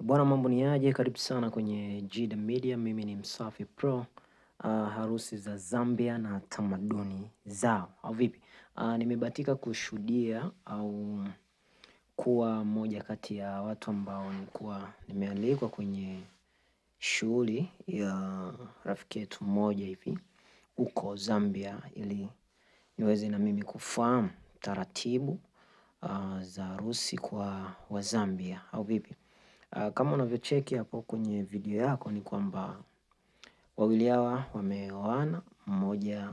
Bwana mambo ni aje? Karibu sana kwenye Jida Media. Mimi ni Msafi Pro. Uh, harusi za Zambia na tamaduni zao au vipi? Uh, nimebahatika kushuhudia au kuwa moja kati ya watu ambao nilikuwa nimealikwa kwenye shughuli ya rafiki yetu mmoja hivi huko Zambia, ili niweze na mimi kufahamu taratibu uh, za harusi kwa Wazambia au vipi? Ah, kama unavyocheki hapo kwenye video yako ni kwamba wawili hawa wameoana, mmoja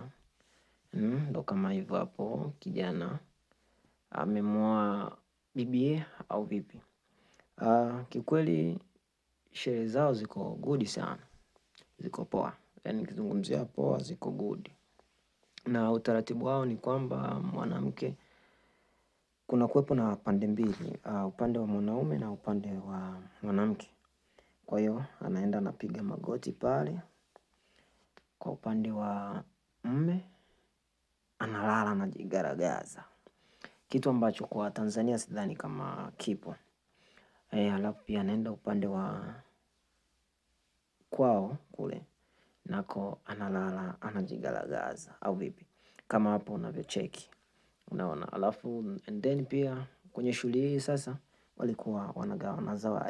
mm, ndo kama hivyo hapo, kijana amemwoa bibie au vipi? Ah, Kiukweli sherehe zao ziko gudi sana, ziko poa, yaani kizungumzia poa, ziko gudi. Na utaratibu wao ni kwamba mwanamke kuna kuwepo na pande mbili, uh, upande wa mwanaume na upande wa mwanamke. Kwa hiyo anaenda anapiga magoti pale kwa upande wa mme, analala anajigaragaza, kitu ambacho kwa Tanzania sidhani kama kipo. Halafu eh, alafu pia anaenda upande wa kwao kule nako analala anajigaragaza, au vipi? Kama hapo unavyocheki unaona. Alafu and then pia kwenye shughuli hii sasa walikuwa wanagawana zawadi.